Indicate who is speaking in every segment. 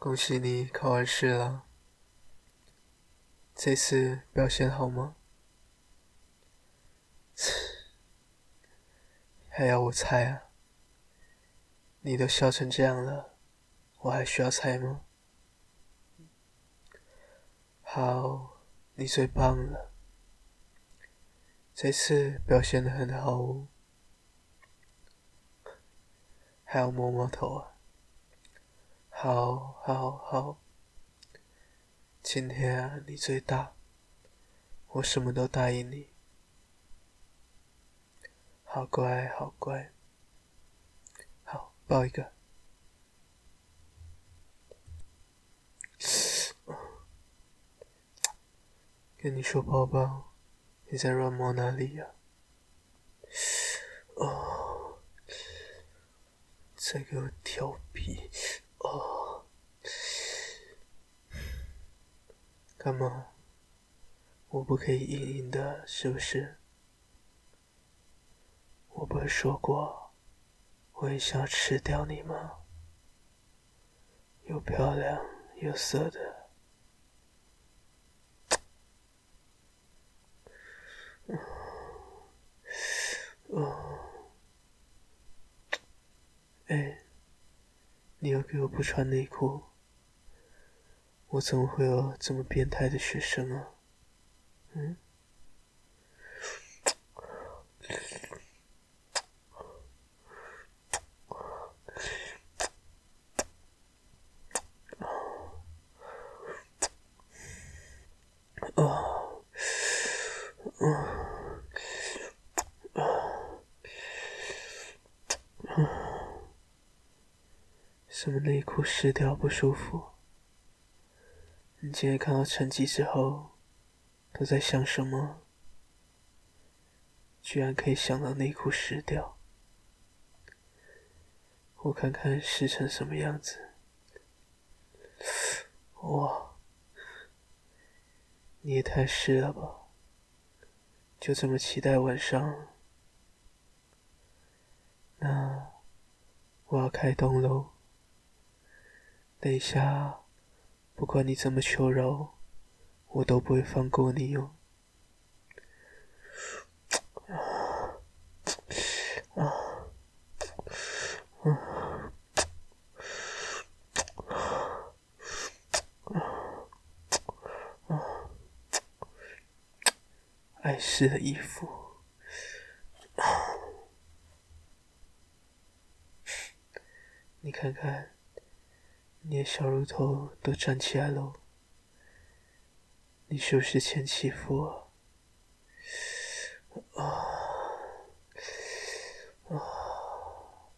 Speaker 1: 恭喜你考完試了，這次表現好嗎？還要我猜啊？你都笑成這樣了，我還需要猜嗎？好，你最棒了，這次表現得很好哦，還要摸摸頭啊。好，好，好。今天，啊、你最大，我什麼都答應你。好乖，好乖。好，抱一個。跟你說，抱抱，你在亂摸哪裡呀，啊？哦，再給我調皮。哦，幹嘛，oh, 我不可以硬硬的，是不是？我不是說過，我也想吃掉你嗎？又漂亮又色的。你要給我不穿內褲，我怎麼會有這麼變態的學生啊？嗯。怎麼內褲濕掉不舒服？你今天看到成績之後，都在想什麼？居然可以想到內褲濕掉，我看看濕成什麼樣子。哇，你也太濕了吧！就這麼期待晚上？那我要開動嘍。等一下，不管你怎麼求饒，我都不會放過你哦。礙事的衣服。你看看。小乳頭都站起來嘍！你是不是欠欺負啊？啊啊！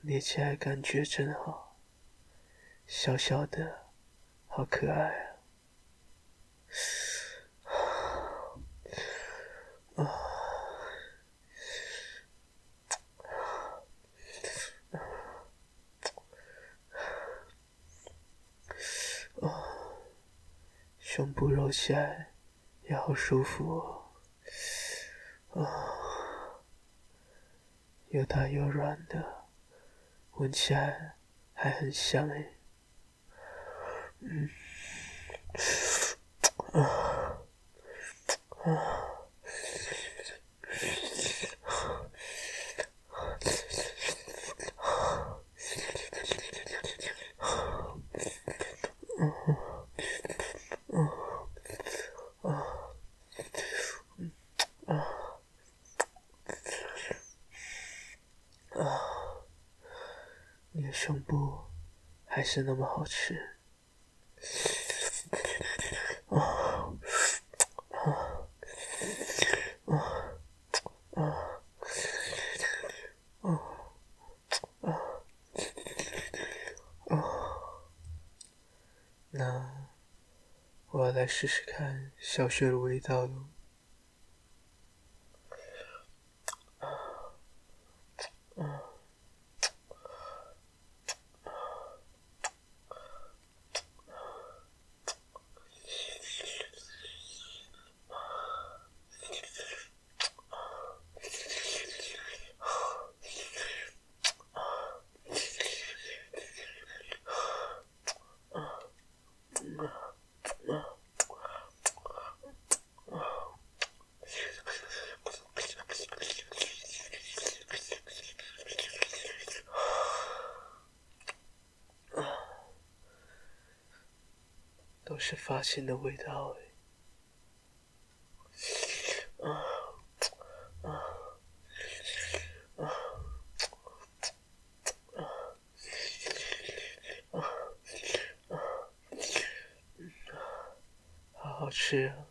Speaker 1: 捏起來感覺真好，小小的，好可愛啊！胸部揉起來也好舒服、啊，哦。又大又軟的，聞起來還很香哎、欸，嗯，啊。啊是那麼好吃，啊，啊，啊，啊，啊，啊，啊，那我要來試試看小穴的味道了。都是發情的味道啊，啊，啊，啊，啊，啊，啊，啊，好好吃啊！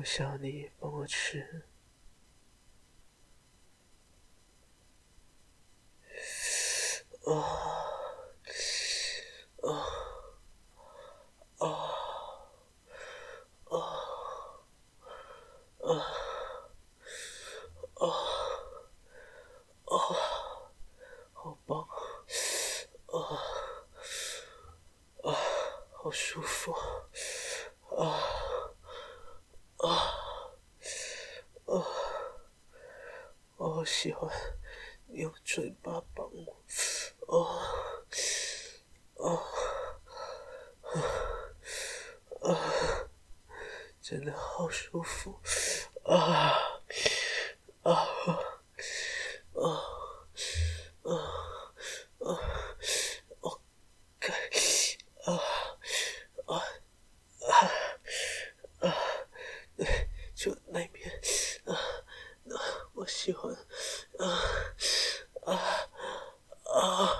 Speaker 1: 我想你幫我吃。哦哦哦啊，真的好舒服啊啊啊啊啊！OK 啊啊啊！就那邊啊，我喜歡啊啊啊！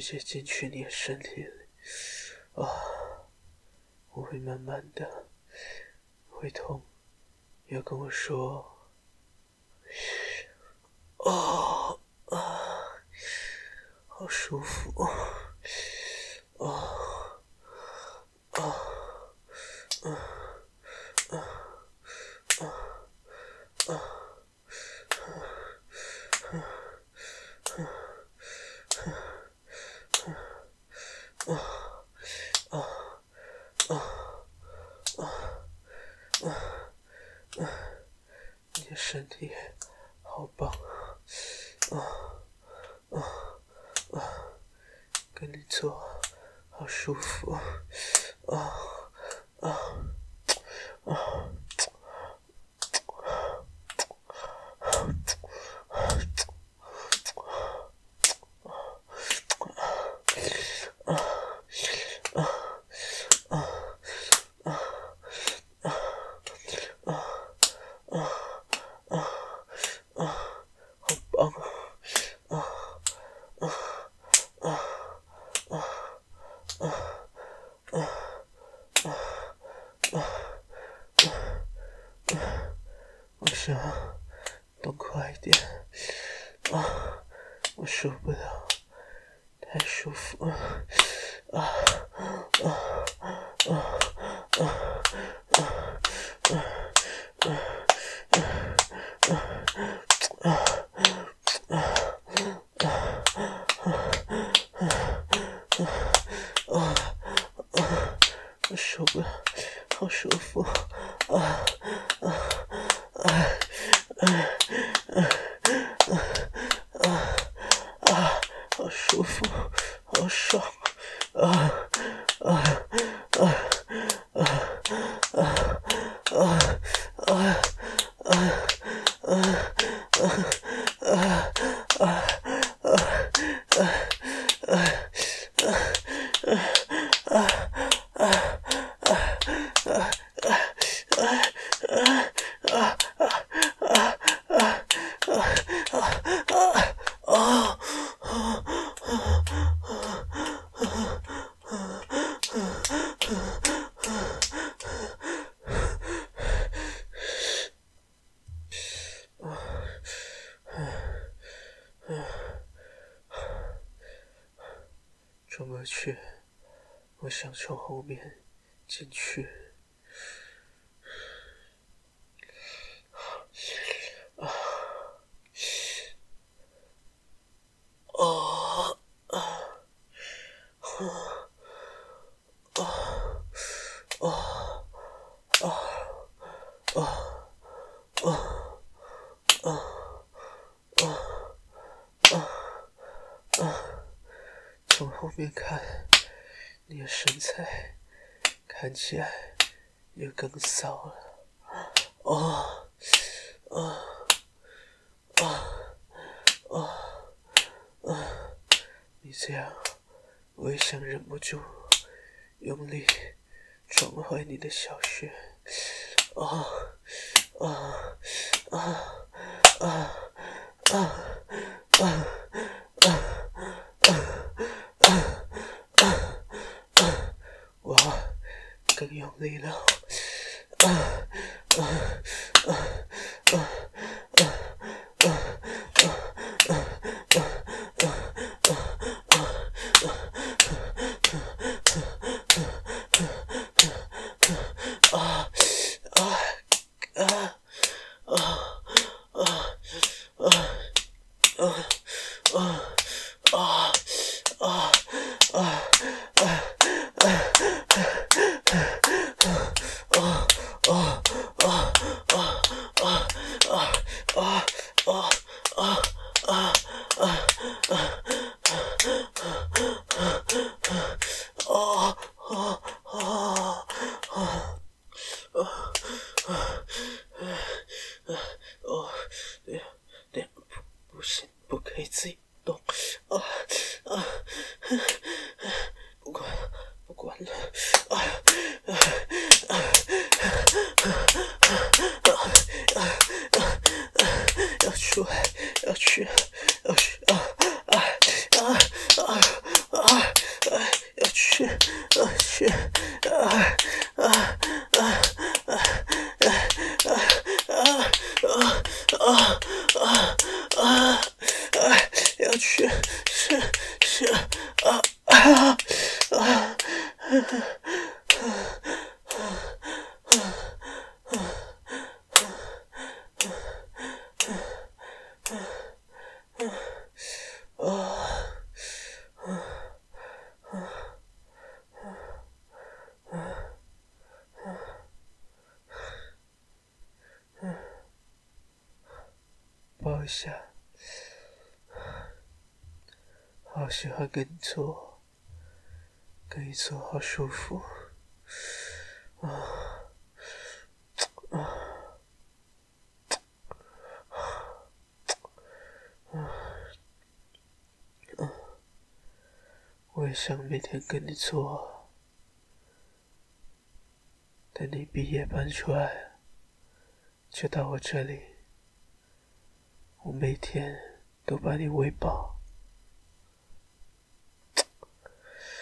Speaker 1: 直接進去你的身體裡，啊！我會慢慢的，會痛，要跟我說。噓，啊，好舒服，啊，啊。身體，好棒，啊啊啊！跟你做，好舒服，啊啊。啊，我受不了，太舒服了，啊啊啊啊啊啊啊啊啊！怎麼去？我想從後面進去。後面看你的身材，看起來又更騷了。啊，啊，啊，啊，啊！你這樣，我也想忍不住用力撞壞你的小穴。啊，啊，啊！下，好喜歡跟你做，跟你做好舒服，啊，啊，啊，啊，我也想每天跟你做。等你畢業搬出來，就到我這裡。我每天都把你餵飽。